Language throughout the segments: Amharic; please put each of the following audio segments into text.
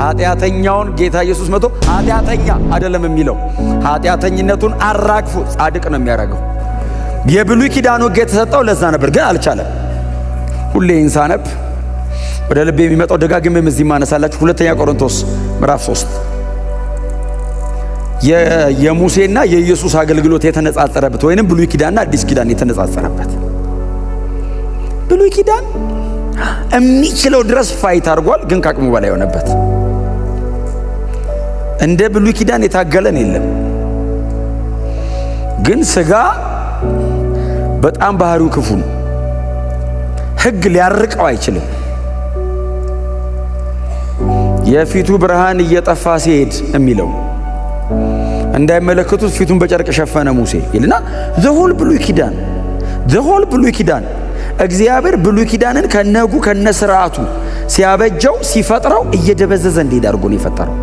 ኃጢአተኛውን ጌታ ኢየሱስ መጥቶ ኃጢአተኛ አይደለም የሚለው ኃጢአተኝነቱን አራግፎ ጻድቅ ነው የሚያደርገው። የብሉይ ኪዳን ሕግ የተሰጠው ለዛ ነበር፣ ግን አልቻለም። ሁሌ ኢንሳነብ ወደ ልብ የሚመጣው ደጋግሜም እዚህ ማነሳላችሁ ሁለተኛ ቆሮንቶስ ምዕራፍ 3 የሙሴና የኢየሱስ አገልግሎት የተነጻጸረበት ወይንም ብሉይ ኪዳንና አዲስ ኪዳን የተነጻጸረበት ብሉይ ኪዳን የሚችለው ድረስ ፋይት አድርጓል፣ ግን ከአቅሙ በላይ የሆነበት እንደ ብሉይ ኪዳን የታገለን የለም። ግን ስጋ በጣም ባህሪው ክፉ ነው። ሕግ ሊያርቀው አይችልም። የፊቱ ብርሃን እየጠፋ ሲሄድ የሚለው እንዳይመለከቱት ፊቱን በጨርቅ ሸፈነ ሙሴ ይልና ዘሆል ብሉይ ኪዳን ዘሆል ብሉይ ኪዳን እግዚአብሔር ብሉይ ኪዳንን ከነጉ ከነ ስርዓቱ ሲያበጀው ሲፈጥረው እየደበዘዘ እንዲሄድ አድርጎ ነው የፈጠረው።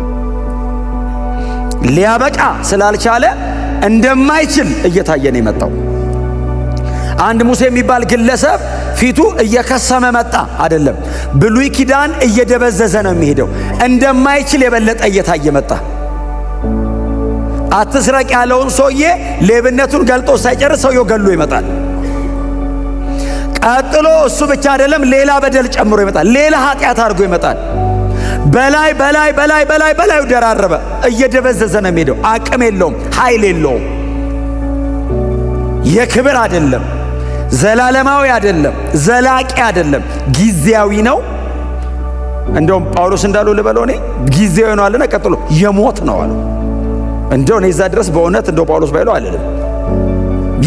ሊያበቃ ስላልቻለ እንደማይችል እየታየ ነው የመጣው። አንድ ሙሴ የሚባል ግለሰብ ፊቱ እየከሰመ መጣ አይደለም። ብሉይ ኪዳን እየደበዘዘ ነው የሚሄደው። እንደማይችል የበለጠ እየታየ መጣ። አትስረቅ ያለውን ሰውዬ ሌብነቱን ገልጦ ሳይጨርስ ሰውየው ገሎ ይመጣል። ቀጥሎ እሱ ብቻ አይደለም፣ ሌላ በደል ጨምሮ ይመጣል። ሌላ ኃጢአት አድርጎ ይመጣል። በላይ በላይ በላይ በላይ በላይ ደራረበ። እየደበዘዘ ነው የሚሄደው። አቅም የለውም፣ ኃይል የለውም። የክብር አይደለም፣ ዘላለማዊ አይደለም፣ ዘላቂ አይደለም፣ ጊዜያዊ ነው። እንደውም ጳውሎስ እንዳለው ልበለው እኔ ጊዜያዊ ነው አለና ቀጥሎ የሞት ነው አለ። እንደው እኔ እዛ ድረስ በእውነት እንደው ጳውሎስ ባይለው አልልም።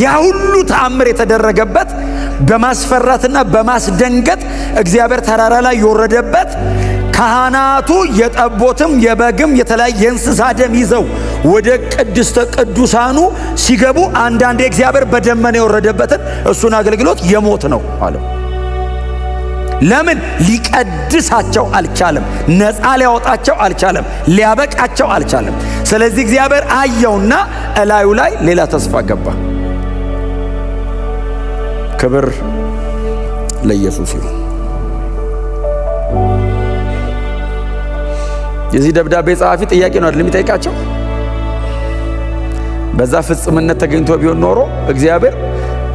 ያ ሁሉ ተአምር የተደረገበት በማስፈራትና በማስደንገጥ እግዚአብሔር ተራራ ላይ የወረደበት ካህናቱ የጠቦትም የበግም የተለያየ የእንስሳ ደም ይዘው ወደ ቅድስተ ቅዱሳኑ ሲገቡ አንዳንዴ እግዚአብሔር በደመና የወረደበትን እሱን አገልግሎት የሞት ነው አለው። ለምን ሊቀድሳቸው አልቻለም? ነፃ ሊያወጣቸው አልቻለም፣ ሊያበቃቸው አልቻለም። ስለዚህ እግዚአብሔር አየውና እላዩ ላይ ሌላ ተስፋ ገባ። ክብር ለኢየሱስ ይሁን። የዚህ ደብዳቤ ጸሐፊ ጥያቄ ነው አይደል የሚጠይቃቸው። በዛ ፍጽምነት ተገኝቶ ቢሆን ኖሮ እግዚአብሔር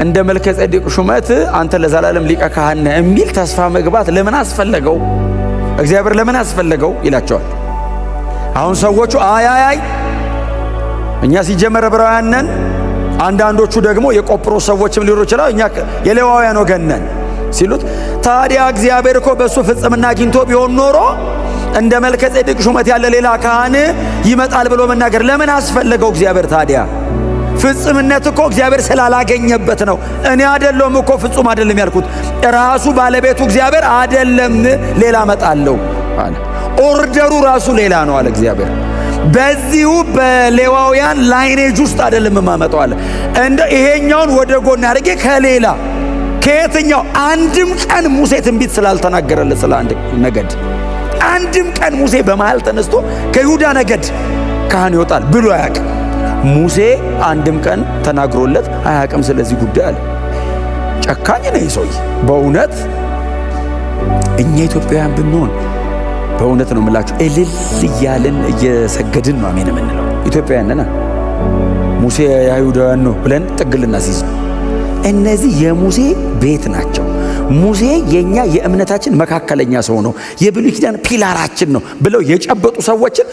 እንደ መልከ ጼዴቅ ሹመት አንተ ለዘላለም ሊቀ ካህን ነህ የሚል ተስፋ መግባት ለምን አስፈለገው? እግዚአብሔር ለምን አስፈለገው ይላቸዋል። አሁን ሰዎቹ አይ አይ አይ እኛ ሲጀመር ዕብራውያን ነን፣ አንዳንዶቹ ደግሞ የቆጵሮስ ሰዎችም ሊሆኑ ይችላል፣ እኛ የሌዋውያን ወገን ነን ሲሉት ታዲያ እግዚአብሔር እኮ በእሱ ፍጽምና አግኝቶ ቢሆን ኖሮ እንደ መልከ ጼዴቅ ሹመት ያለ ሌላ ካህን ይመጣል ብሎ መናገር ለምን አስፈለገው? እግዚአብሔር ታዲያ ፍጽምነት እኮ እግዚአብሔር ስላላገኘበት ነው። እኔ አደለውም እኮ ፍጹም አደለም ያልኩት ራሱ ባለቤቱ እግዚአብሔር አደለም፣ ሌላ መጣለው አለ። ኦርደሩ ራሱ ሌላ ነው አለ እግዚአብሔር። በዚሁ በሌዋውያን ላይኔጅ ውስጥ አደለም ማመጣው አለ። እንደ ይሄኛውን ወደ ጎን አድርጌ ከሌላ ከየትኛው አንድም ቀን ሙሴ ትንቢት ስላልተናገረለት ስለ አንድ ነገድ አንድም ቀን ሙሴ በመሃል ተነስቶ ከይሁዳ ነገድ ካህን ይወጣል ብሎ አያቅም። ሙሴ አንድም ቀን ተናግሮለት አያቅም ስለዚህ ጉዳይ አለ። ጨካኝ ነው ይህ ሰውዬ በእውነት እኛ ኢትዮጵያውያን ብንሆን በእውነት ነው የምላችሁ፣ እልል እያልን እየሰገድን ነው አሜን የምንለው ኢትዮጵያውያን ነና። ሙሴ የአይሁዳውያን ነው ብለን ጥግልና ሲዝ እነዚህ የሙሴ ቤት ናቸው። ሙሴ የኛ የእምነታችን መካከለኛ ሰው ነው፣ የብሉይ ኪዳን ፒላራችን ነው ብለው የጨበጡ ሰዎችን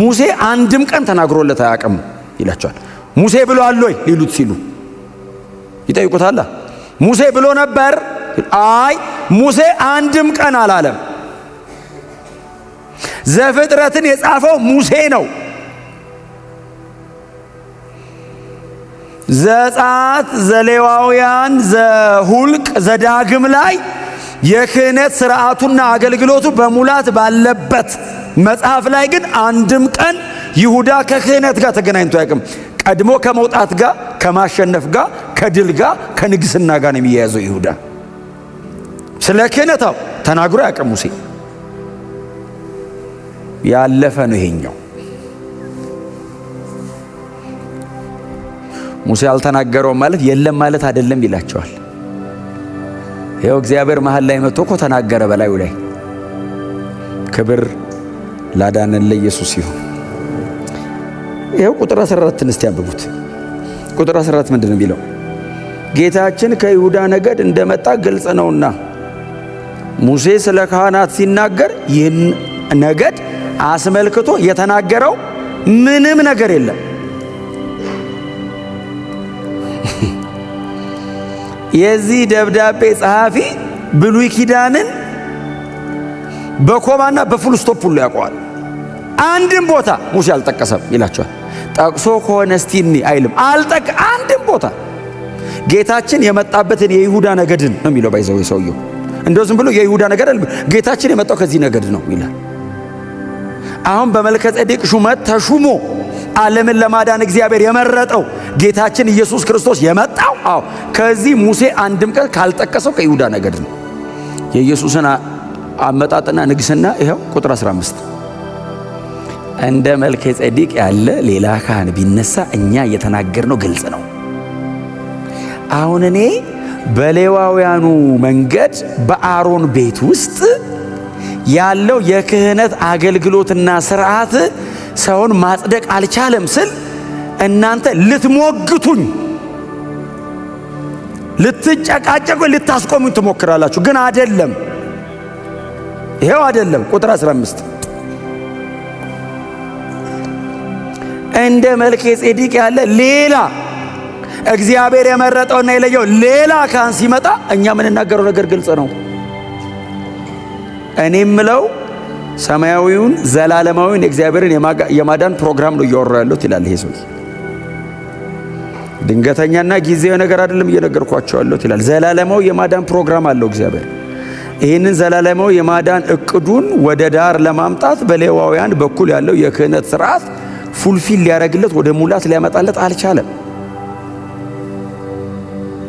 ሙሴ አንድም ቀን ተናግሮለት አያውቅም ይላቸዋል። ሙሴ ብሎ አለ ወይ ሊሉት ሲሉ ይጠይቁታላ። ሙሴ ብሎ ነበር? አይ ሙሴ አንድም ቀን አላለም። ዘፍጥረትን የጻፈው ሙሴ ነው። ዘጸአት ዘሌዋውያን ዘሁልቅ ዘዳግም ላይ የክህነት ስርዓቱና አገልግሎቱ በሙላት ባለበት መጽሐፍ ላይ ግን አንድም ቀን ይሁዳ ከክህነት ጋር ተገናኝቶ አያውቅም። ቀድሞ ከመውጣት ጋር፣ ከማሸነፍ ጋር፣ ከድል ጋር፣ ከንግስና ጋር ነው የሚያያዘው ይሁዳ። ስለ ክህነታው ተናግሮ አያውቅም ሙሴ። ያለፈ ነው ይሄኛው። ሙሴ አልተናገረውም ማለት የለም ማለት አይደለም ይላቸዋል። ይኸው እግዚአብሔር መሀል ላይ መጥቶ እኮ ተናገረ። በላዩ ላይ ክብር ላዳነን ለኢየሱስ ይሁን። ይኸው ቁጥር 14 እስቲ ቁጥር 14 ምንድን ነው የሚለው? ጌታችን ከይሁዳ ነገድ እንደመጣ ግልጽ ነውና ሙሴ ስለ ካህናት ሲናገር ይህን ነገድ አስመልክቶ የተናገረው ምንም ነገር የለም። የዚህ ደብዳቤ ጸሐፊ ብሉይ ኪዳንን በኮማና በፉል ስቶፕ ሁሉ ያውቀዋል። አንድም ቦታ ሙሴ አልጠቀሰም ይላቸዋል። ጠቅሶ ከሆነ ስቲኒ አይልም አልጠቅ አንድም ቦታ ጌታችን የመጣበትን የይሁዳ ነገድን ነው የሚለው። ባይዘው ሰውየው እንደው ዝም ብሎ የይሁዳ ነገድ ጌታችን የመጣው ከዚህ ነገድ ነው ይላል። አሁን በመልከ ጼዴቅ ሹመት ተሹሞ ዓለምን ለማዳን እግዚአብሔር የመረጠው ጌታችን ኢየሱስ ክርስቶስ የመጣው አዎ ከዚህ ሙሴ አንድም ቀን ካልጠቀሰው ከይሁዳ ነገድ ነው። የኢየሱስን አመጣጥና ንግስና ይኸው ቁጥር 15 እንደ መልከ ጼዴቅ ያለ ሌላ ካህን ቢነሳ እኛ እየተናገርነው ግልጽ ነው። አሁን እኔ በሌዋውያኑ መንገድ በአሮን ቤት ውስጥ ያለው የክህነት አገልግሎትና ስርዓት ሰውን ማጽደቅ አልቻለም ስል እናንተ ልትሞግቱኝ ልትጨቃጨቁ ልታስቆሙኝ ትሞክራላችሁ፣ ግን አደለም። ይሄው አደለም። ቁጥር 15 እንደ መልከ ጼዴቅ ያለ ሌላ እግዚአብሔር የመረጠውና የለየው ሌላ ካህን ሲመጣ እኛ የምንናገረው ነገር ግልጽ ነው። እኔ ምለው ሰማያዊውን ዘላለማዊውን እግዚአብሔርን የማዳን ፕሮግራም ነው እያወራ ያለሁት ይላል ይሄ ድንገተኛና ጊዜያዊ ነገር አይደለም እየነገርኳቸው ያለሁት ይላል። ዘላለማዊ የማዳን ፕሮግራም አለው እግዚአብሔር። ይህንን ዘላለማዊ የማዳን እቅዱን ወደ ዳር ለማምጣት በሌዋውያን በኩል ያለው የክህነት ስርዓት ፉልፊል ሊያደርግለት ወደ ሙላት ሊያመጣለት አልቻለም።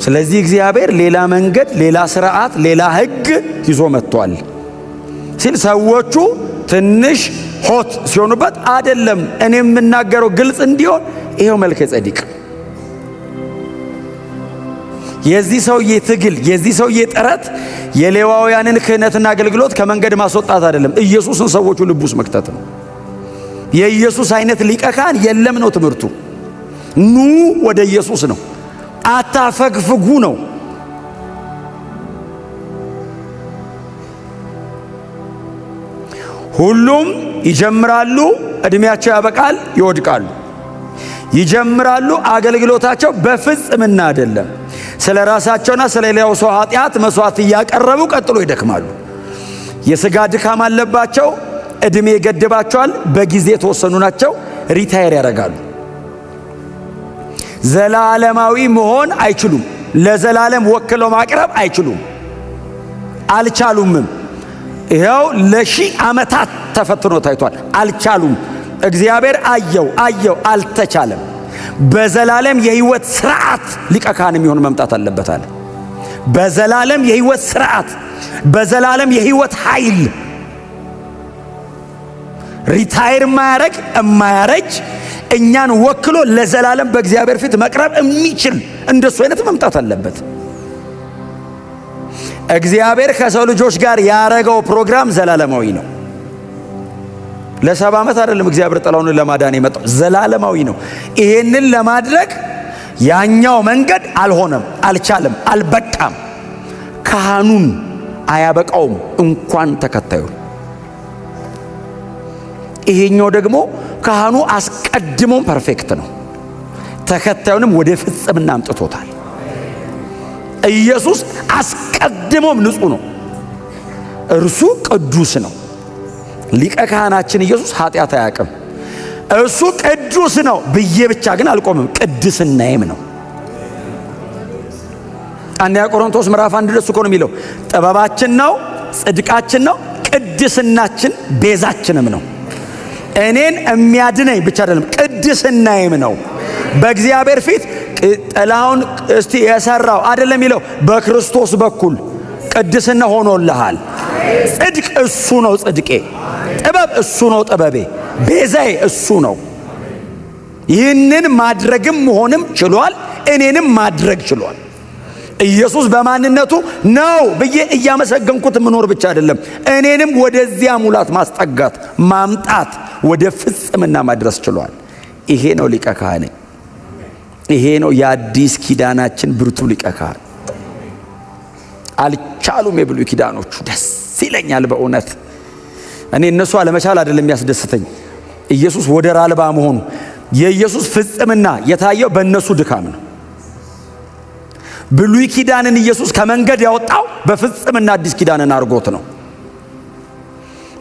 ስለዚህ እግዚአብሔር ሌላ መንገድ፣ ሌላ ስርዓት፣ ሌላ ህግ ይዞ መጥቷል ሲል ሰዎቹ ትንሽ ሆት ሲሆኑበት አይደለም እኔ የምናገረው ግልጽ እንዲሆን ይኸው መልከ ጸዲቅ የዚህ ሰውዬ ትግል የዚህ ሰውዬ ጥረት የሌዋውያንን ክህነትና አገልግሎት ከመንገድ ማስወጣት አይደለም፣ ኢየሱስን ሰዎቹ ልብ ውስጥ መክተት ነው። የኢየሱስ አይነት ሊቀ ካህን የለም ነው ትምህርቱ። ኑ ወደ ኢየሱስ ነው፣ አታፈግፍጉ ነው። ሁሉም ይጀምራሉ፣ እድሜያቸው ያበቃል፣ ይወድቃሉ። ይጀምራሉ፣ አገልግሎታቸው በፍጽምና አይደለም። ስለ ራሳቸውና ስለ ሌላው ሰው ኃጢአት መስዋዕት እያቀረቡ ቀጥሎ ይደክማሉ። የስጋ ድካም አለባቸው። እድሜ ይገድባቸዋል። በጊዜ የተወሰኑ ናቸው። ሪታየር ያደርጋሉ። ዘላለማዊ መሆን አይችሉም። ለዘላለም ወክለው ማቅረብ አይችሉም፣ አልቻሉምም። ይኸው ለሺህ ዓመታት ተፈትኖ ታይቷል። አልቻሉም። እግዚአብሔር አየው አየው፣ አልተቻለም። በዘላለም የህይወት ስርዓት ሊቀ ካህን የሚሆን መምጣት አለ። በዘላለም የህይወት ስርዓት፣ በዘላለም የህይወት ኃይል ሪታይር ማያረግ ማያረጅ እኛን ወክሎ ለዘላለም በእግዚአብሔር ፊት መቅረብ የሚችል እንደሱ አይነት መምጣት አለበት። እግዚአብሔር ከሰው ልጆች ጋር ያረገው ፕሮግራም ዘላለማዊ ነው። ለሰባ ዓመት አይደለም እግዚአብሔር ጥላውን ለማዳን የመጣው ዘላለማዊ ነው። ይሄንን ለማድረግ ያኛው መንገድ አልሆነም፣ አልቻለም፣ አልበቃም። ካህኑን አያበቃውም እንኳን ተከታዩ። ይሄኛው ደግሞ ካህኑ አስቀድሞም ፐርፌክት ነው፣ ተከታዩንም ወደ ፍጽምና አምጥቶታል። ኢየሱስ አስቀድሞም ንጹህ ነው፣ እርሱ ቅዱስ ነው። ሊቀ ካህናችን ኢየሱስ ኃጢአት አያቅም እሱ ቅዱስ ነው ብዬ ብቻ ግን አልቆምም፣ ቅድስናዬም ነው። አንደኛ ቆሮንቶስ ምዕራፍ አንድ ደስ እኮ ነው የሚለው ጥበባችን ነው፣ ጽድቃችን ነው፣ ቅድስናችን ቤዛችንም ነው። እኔን የሚያድነኝ ብቻ አይደለም ቅድስናዬም ነው። በእግዚአብሔር ፊት ጥላውን እስቲ የሰራው አይደለም የሚለው በክርስቶስ በኩል ቅድስና ሆኖልሃል። ጽድቅ እሱ ነው ጽድቄ፣ ጥበብ እሱ ነው ጥበቤ፣ ቤዛዬ እሱ ነው። ይህንን ማድረግም መሆንም ችሏል፣ እኔንም ማድረግ ችሏል። ኢየሱስ በማንነቱ ነው ብዬ እያመሰገንኩት ምኖር ብቻ አይደለም፣ እኔንም ወደዚያ ሙላት ማስጠጋት፣ ማምጣት፣ ወደ ፍጽምና ማድረስ ችሏል። ይሄ ነው ሊቀ ካህኔ። ይሄ ነው የአዲስ ኪዳናችን ብርቱ ሊቀ ካህን። አልቻሉም። የብሉይ ኪዳኖቹ ደስ ይለኛል በእውነት እኔ እነሱ አለመቻል አይደለም ያስደስተኝ ኢየሱስ ወደር አልባ መሆኑ የኢየሱስ ፍጽምና የታየው በእነሱ ድካም ነው። ብሉይ ኪዳንን ኢየሱስ ከመንገድ ያወጣው በፍጽምና አዲስ ኪዳንን አድርጎት ነው።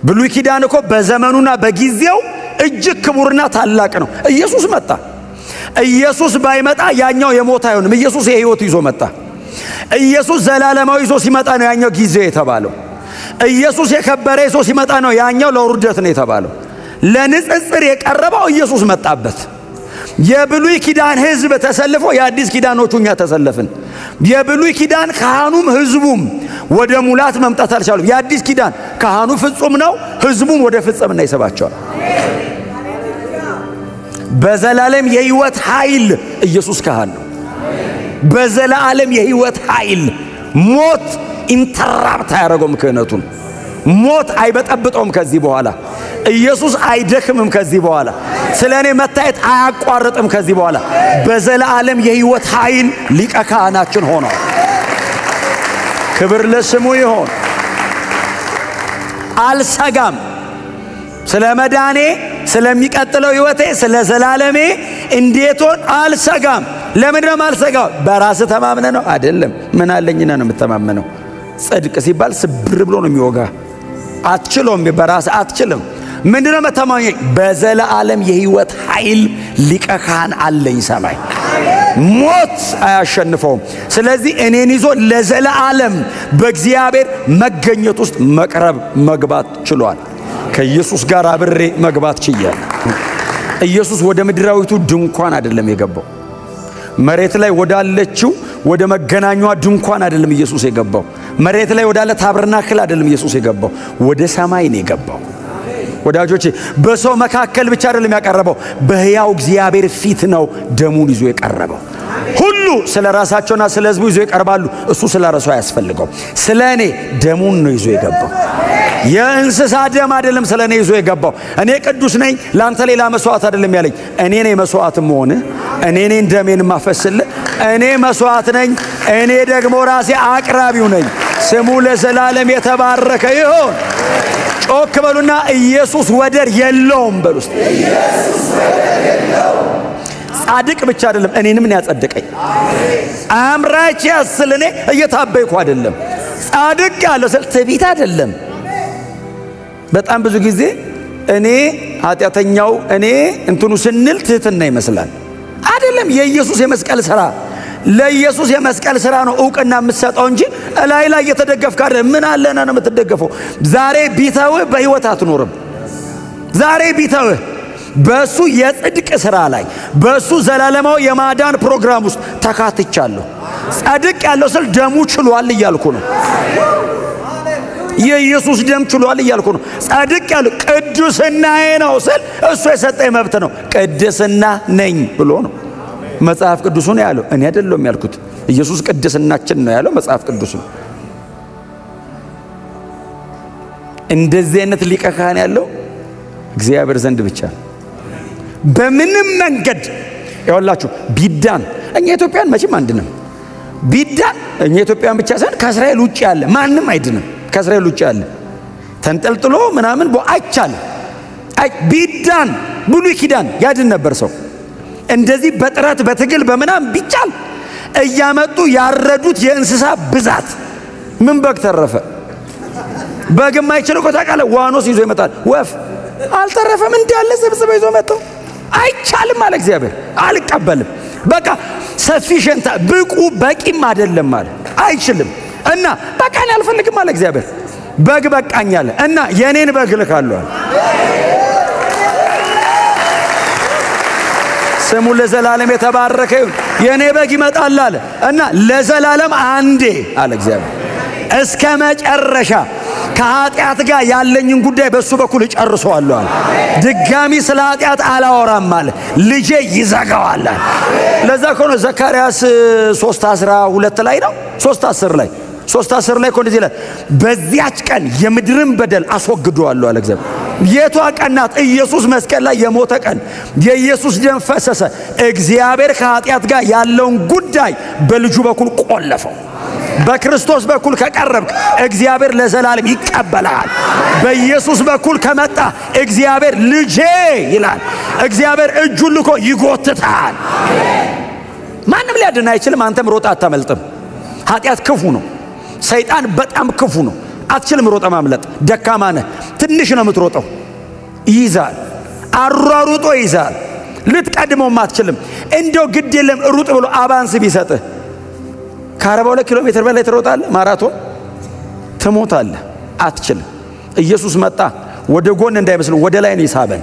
ብሉይ ኪዳን እኮ በዘመኑና በጊዜው እጅግ ክቡርና ታላቅ ነው። ኢየሱስ መጣ። ኢየሱስ ባይመጣ ያኛው የሞት አይሆንም። ኢየሱስ የሕይወት ይዞ መጣ። ኢየሱስ ዘላለማዊ ይዞ ሲመጣ ነው ያኛው ጊዜ የተባለው። ኢየሱስ የከበረ ይዞ ሲመጣ ነው ያኛው ለውርደት ነው የተባለው። ለንጽጽር የቀረበው ኢየሱስ መጣበት። የብሉይ ኪዳን ሕዝብ ተሰልፎ የአዲስ ኪዳኖቹ እኛ ተሰለፍን። የብሉይ ኪዳን ካህኑም ሕዝቡም ወደ ሙላት መምጣት አልቻሉም። የአዲስ ኪዳን ካህኑ ፍጹም ነው፣ ሕዝቡም ወደ ፍጽምና ይስባቸዋል። በዘላለም የሕይወት ኃይል ኢየሱስ ካህን ነው። በዘላለም የህይወት ኃይል ሞት ኢንተራፕት አያደረገውም። ክህነቱን ሞት አይበጠብጠውም። ከዚህ በኋላ ኢየሱስ አይደክምም። ከዚህ በኋላ ስለ እኔ መታየት አያቋርጥም። ከዚህ በኋላ በዘላለም የህይወት ኃይል ሊቀ ካህናችን ሆኗል። ክብር ለስሙ ይሆን። አልሰጋም ስለ መዳኔ፣ ስለሚቀጥለው ህይወቴ፣ ስለ ዘላለሜ እንዴት ሆን አልሰጋም። ለምን ነው ማልሰጋው? በራስ ተማምነ ነው አይደለም። ምን አለኝና ነው የምተማመነው? ጽድቅ ሲባል ስብር ብሎ ነው የሚወጋ። አትችሎም፣ በራስ አትችልም። ነው መተማመኝ? በዘለዓለም የህይወት ኃይል ሊቀ ካህን አለኝ ሰማይ ሞት አያሸንፈውም። ስለዚህ እኔን ይዞ ለዘለዓለም በእግዚአብሔር መገኘት ውስጥ መቅረብ መግባት ችሏል። ከኢየሱስ ጋር አብሬ መግባት ችያል። ኢየሱስ ወደ ምድራዊቱ ድንኳን አይደለም የገባው መሬት ላይ ወዳለችው ወደ መገናኟ ድንኳን አይደለም ኢየሱስ የገባው። መሬት ላይ ወዳለ ታብርናክል አይደለም ኢየሱስ የገባው። ወደ ሰማይ ነው የገባው። ወዳጆቼ በሰው መካከል ብቻ አይደለም ያቀረበው፣ በሕያው እግዚአብሔር ፊት ነው ደሙን ይዞ የቀረበው። ሁሉ ስለ ራሳቸውና ስለ ሕዝቡ ይዞ ይቀርባሉ። እሱ ስለ ራሱ አያስፈልገው። ስለ እኔ ደሙን ነው ይዞ የገባው። የእንስሳ ደም አይደለም ስለ እኔ ይዞ የገባው። እኔ ቅዱስ ነኝ፣ ለአንተ ሌላ መስዋዕት አይደለም ያለኝ። እኔ ነኝ መስዋዕት መሆን፣ እኔ ነኝ ደሜን ማፈስል፣ እኔ መስዋዕት ነኝ፣ እኔ ደግሞ ራሴ አቅራቢው ነኝ። ስሙ ለዘላለም የተባረከ ይሆን። ጮክ በሉና ኢየሱስ ወደር የለውም በሉ። ውስጥ ጻድቅ ብቻ አይደለም እኔንም ነው ያጸደቀኝ። አምራች ያስል እኔ እየታበይኩ አይደለም ጻድቅ ያለው ስል ትቢት አይደለም። በጣም ብዙ ጊዜ እኔ ኃጢአተኛው እኔ እንትኑ ስንል ትህትና ይመስላል። አይደለም። የኢየሱስ የመስቀል ሥራ ለኢየሱስ የመስቀል ሥራ ነው እውቅና የምትሰጠው እንጂ እላይ ላይ እየተደገፍክ አይደለም። ምን አለና ነው የምትደገፈው? ዛሬ ቢተውህ በሕይወት አትኖርም። ዛሬ ቢተውህ በእሱ የጽድቅ ሥራ ላይ በእሱ ዘላለማዊ የማዳን ፕሮግራም ውስጥ ተካትቻለሁ። ጸድቅ ያለው ስል ደሙ ችሏል እያልኩ ነው። የኢየሱስ ደም ችሏል እያልኩ ነው። ጻድቅ ያለ ቅዱስናዬ ነው ስል እሱ የሰጠኝ መብት ነው። ቅድስና ነኝ ብሎ ነው መጽሐፍ ቅዱሱ ነው ያለው፣ እኔ አይደለም ያልኩት። ኢየሱስ ቅድስናችን ነው ያለው መጽሐፍ ቅዱሱ። እንደዚህ አይነት ሊቀ ካህን ያለው እግዚአብሔር ዘንድ ብቻ ነው። በምንም መንገድ ያውላችሁ ቢዳን እኛ ኢትዮጵያን መቼም አንድንም ቢዳን እኛ ኢትዮጵያን ብቻ ሳይሆን ከእስራኤል ውጭ ያለ ማንም አይድንም። ከእስራኤል ውጭ ያለ ተንጠልጥሎ ምናምን አይቻል ቢዳን ብሉይ ኪዳን ያድን ነበር ሰው። እንደዚህ በጥረት በትግል በምናም ቢቻል እያመጡ ያረዱት የእንስሳ ብዛት ምን በግ ተረፈ? በግ የማይችል እኮ ታውቃለህ፣ ዋኖስ ይዞ ይመጣል። ወፍ አልተረፈም፣ እንዲያለ ስብስበ ይዞ መጣው። አይቻልም አለ እግዚአብሔር፣ አልቀበልም። በቃ ሰፊሸንታ ብቁ በቂም አይደለም አለ አይችልም። እና በቃ እኔ አልፈልግም አለ እግዚአብሔር። በግ በቃኝ አለ እና የኔን በግ እልካለሁ አለ። ስሙ ለዘላለም የተባረከ ይሁን። የኔ በግ ይመጣል አለ እና ለዘላለም አንዴ አለ እግዚአብሔር እስከ መጨረሻ ከኃጢአት ጋር ያለኝን ጉዳይ በእሱ በኩል እጨርሰዋለሁ አለ። ድጋሚ ስለ ኃጢአት አላወራም አለ። ልጄ ይዘጋዋል ለዛ ከሆነ ዘካርያስ 3 12 ላይ ነው 3 10 ላይ ሶስት አስር ላይ እኮ እንደዚህ ይላል፣ በዚያች ቀን የምድርን በደል አስወግደዋለሁ አለ እግዚአብሔር። የቷ ቀን ናት? ኢየሱስ መስቀል ላይ የሞተ ቀን፣ የኢየሱስ ደም ፈሰሰ። እግዚአብሔር ከኃጢአት ጋር ያለውን ጉዳይ በልጁ በኩል ቆለፈው። በክርስቶስ በኩል ከቀረብክ እግዚአብሔር ለዘላለም ይቀበልሃል። በኢየሱስ በኩል ከመጣ እግዚአብሔር ልጄ ይላል። እግዚአብሔር እጁን ልኮ ይጎትታል። ማንም ሊያድን አይችልም። አንተም ሮጣ አታመልጥም። ኃጢአት ክፉ ነው። ሰይጣን በጣም ክፉ ነው። አትችልም ሮጠ ማምለጥ። ደካማ ነህ። ትንሽ ነው የምትሮጠው። ይይዛል፣ አሯሩጦ ይይዛል። ልትቀድመውም አትችልም። እንደው ግድ የለም ሩጥ ብሎ አባንስ ቢሰጥህ ከአርባ ሁለት ኪሎ ሜትር በላይ ትሮጣለህ። ማራቶን ትሞታለህ። አትችልም። ኢየሱስ መጣ። ወደ ጎን እንዳይመስል ወደ ላይ ነው ይሳበን።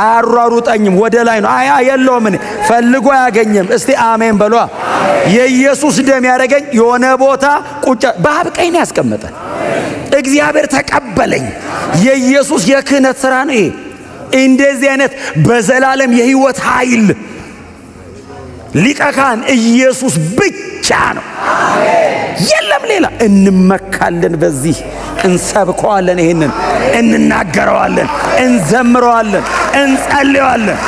አያሯሩጠኝም። ወደ ላይ ነው። አያ የለውም። ፈልጎ አያገኘም። እስቲ አሜን በሏ። የኢየሱስ ደም ያደረገኝ የሆነ ቦታ ቁጭ በአብ ቀኝ ነው እግዚአብሔር ተቀበለኝ። የኢየሱስ የክህነት ሥራ ነው ይሄ። እንደዚህ አይነት በዘላለም የህይወት ኃይል ሊቀ ካህን ኢየሱስ ብቻ ነው፣ የለም ሌላ። እንመካለን፣ በዚህ እንሰብከዋለን፣ ይህንን እንናገረዋለን፣ እንዘምረዋለን፣ እንጸልየዋለን።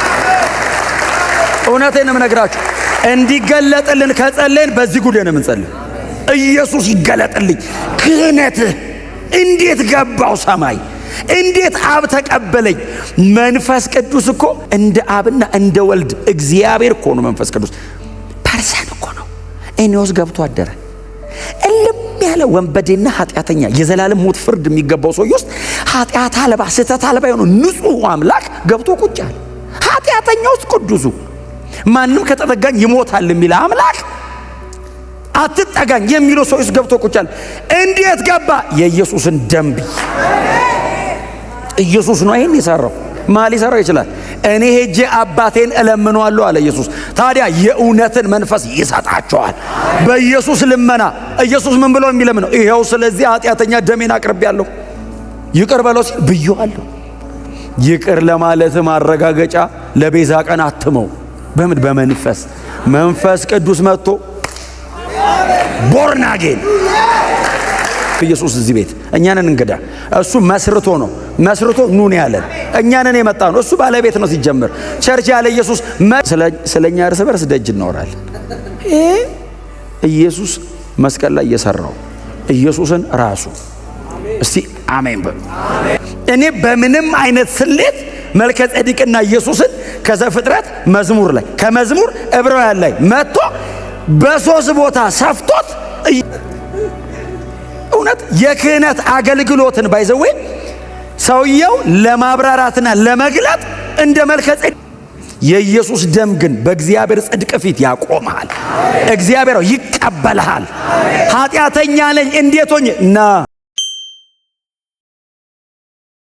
እውነቴንም ነግራችሁ እንዲገለጥልን ከጸለይን በዚህ ጉዳይ ነው የምንጸልይ። ኢየሱስ ይገለጥልኝ። ክህነትህ እንዴት ገባው ሰማይ እንዴት አብ ተቀበለኝ። መንፈስ ቅዱስ እኮ እንደ አብና እንደ ወልድ እግዚአብሔር እኮ ነው። መንፈስ ቅዱስ ፐርሰን እኮ ነው። እኔዎስ ገብቶ አደረ። እልም ያለ ወንበዴና ኃጢአተኛ የዘላለም ሞት ፍርድ የሚገባው ሰውዬ ውስጥ ኃጢአት አልባ ስህተት አልባ የሆነ ንጹሕ አምላክ ገብቶ ቁጭ አለ። ኃጢአተኛ ውስጥ ቅዱሱ ማንም ከተጠጋኝ ይሞታል የሚል አምላክ አትጠጋኝ የሚለው ሰው ውስጥ ገብቶ ቁጫል። እንዴት ገባ? የኢየሱስን ደንብ ኢየሱስ ነው ይህን የሰራው። ማን ሊሰራው ይችላል? እኔ ሄጄ አባቴን እለምነዋለሁ አለ ኢየሱስ። ታዲያ የእውነትን መንፈስ ይሰጣቸዋል በኢየሱስ ልመና። ኢየሱስ ምን ብሎ የሚለምነው? ይኸው ስለዚህ ኃጢአተኛ ደሜን አቅርቤያለሁ፣ ይቅር በለው ሲል ብየዋለሁ። ይቅር ለማለት ማረጋገጫ ለቤዛ ቀን አትመው በምን በመንፈስ መንፈስ ቅዱስ መጥቶ ቦርናጌን ኢየሱስ እዚህ ቤት እኛንን እንግዳ እሱ መስርቶ ነው መስርቶ ኑን ያለን እኛንን የመጣ ነው እሱ ባለቤት ነው ሲጀምር ቸርች ያለ ኢየሱስ ስለ እኛ እርስ በርስ ደጅ እናወራለን ኢየሱስ መስቀል ላይ እየሰራው ኢየሱስን ራሱ እስቲ አሜን በሉ እኔ በምንም አይነት ስሌት መልከ ጼዴቅና ኢየሱስን ከዘፍጥረት መዝሙር ላይ ከመዝሙር ዕብራውያን ላይ መጥቶ በሶስት ቦታ ሰፍቶት እውነት የክህነት አገልግሎትን ባይዘዌ ሰውየው ለማብራራትና ለመግለጥ እንደ መልከ ጼዴቅ የኢየሱስ ደም ግን በእግዚአብሔር ጽድቅ ፊት ያቆምሃል። እግዚአብሔር ይቀበልሃል። ኃጢአተኛ ነኝ እንዴት ሆኜ ና